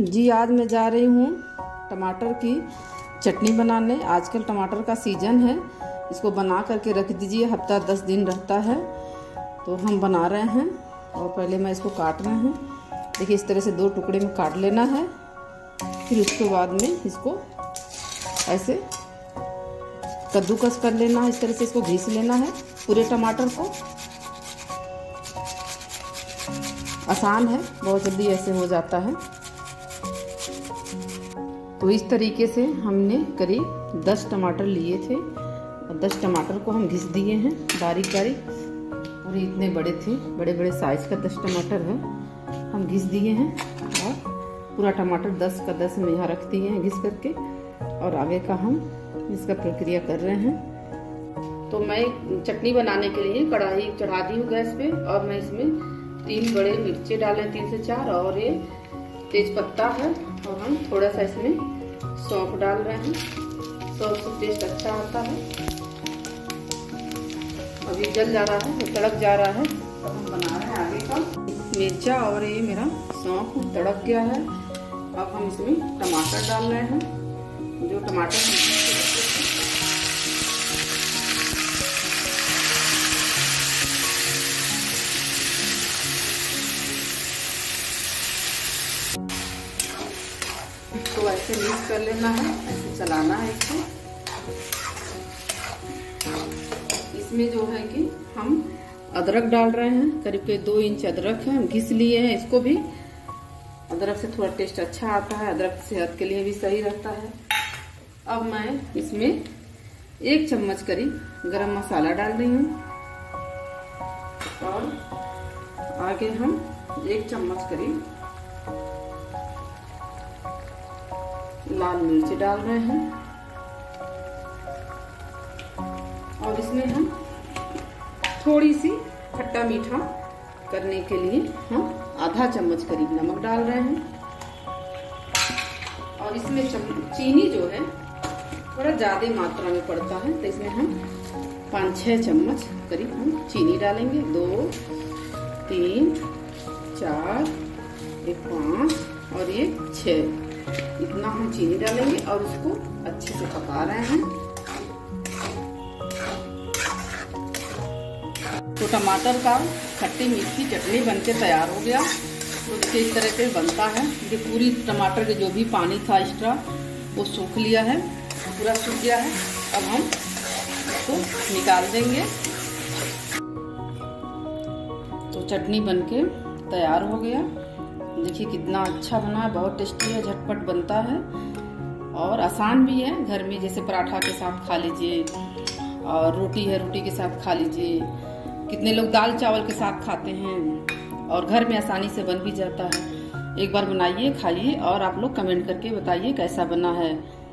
जी आज मैं जा रही हूँ टमाटर की चटनी बनाने आजकल टमाटर का सीजन है इसको बना करके रख दीजिए हफ्ता दस दिन रहता है तो हम बना रहे हैं और पहले मैं इसको काट रहे हूँ देखिए इस तरह से दो टुकड़े में काट लेना है फिर उसके बाद में इसको ऐसे कद्दूकस कर लेना है इस तरह से इसको घिस लेना है पूरे टमाटर को आसान है बहुत जल्दी ऐसे हो जाता है तो इस तरीके से हमने करीब 10 टमाटर लिए थे और 10 टमाटर को हम घिस दिए हैं बारीक बारीक और इतने बड़े थे बड़े बड़े साइज़ का 10 टमाटर है हम घिस दिए हैं और पूरा टमाटर 10 का 10 में यहाँ रख दिए हैं घिस करके और आगे का हम इसका प्रक्रिया कर रहे हैं तो मैं चटनी बनाने के लिए कढ़ाई चढ़ा दी हूँ गैस पे और मैं इसमें तीन बड़े मिर्चे डाले तीन से चार और ये तेज पत्ता है और हम थोड़ा सा इसमें सौंफ डाल रहे हैं सौंफ से टेस्ट अच्छा आता है अभी जल जा रहा है तड़क जा रहा है हम बना रहे हैं आगे का मिर्चा और ये मेरा सौंफ तड़क गया है अब हम इसमें टमाटर डाल रहे हैं जो टमाटर से मिक्स कर लेना है ऐसे चलाना है इसको इसमें जो है कि हम अदरक डाल रहे हैं करीब के दो इंच अदरक है हम घिस लिए हैं इसको भी अदरक से थोड़ा टेस्ट अच्छा आता है अदरक सेहत के लिए भी सही रहता है अब मैं इसमें एक चम्मच करीब गरम मसाला डाल रही हूँ और आगे हम एक चम्मच करीब लाल मिर्च डाल रहे हैं और इसमें हम थोड़ी सी खट्टा मीठा करने के लिए हम आधा चम्मच करीब नमक डाल रहे हैं और इसमें चीनी जो है थोड़ा ज़्यादा मात्रा में पड़ता है तो इसमें हम पाँच छः चम्मच करीब हम चीनी डालेंगे दो तीन चार एक पाँच और ये छः इतना हम चीनी डालेंगे और उसको अच्छे से पका रहे हैं तो टमाटर का खट्टी मीठी चटनी बनके तैयार हो गया तो इसके इस तरह से बनता है ये पूरी टमाटर के जो भी पानी था एक्स्ट्रा वो सूख लिया है पूरा सूख गया है अब हम इसको निकाल देंगे तो चटनी बनके तैयार हो गया देखिए कितना अच्छा बना है बहुत टेस्टी है झटपट बनता है और आसान भी है घर में जैसे पराठा के साथ खा लीजिए और रोटी है रोटी के साथ खा लीजिए कितने लोग दाल चावल के साथ खाते हैं और घर में आसानी से बन भी जाता है एक बार बनाइए खाइए और आप लोग कमेंट करके बताइए कैसा बना है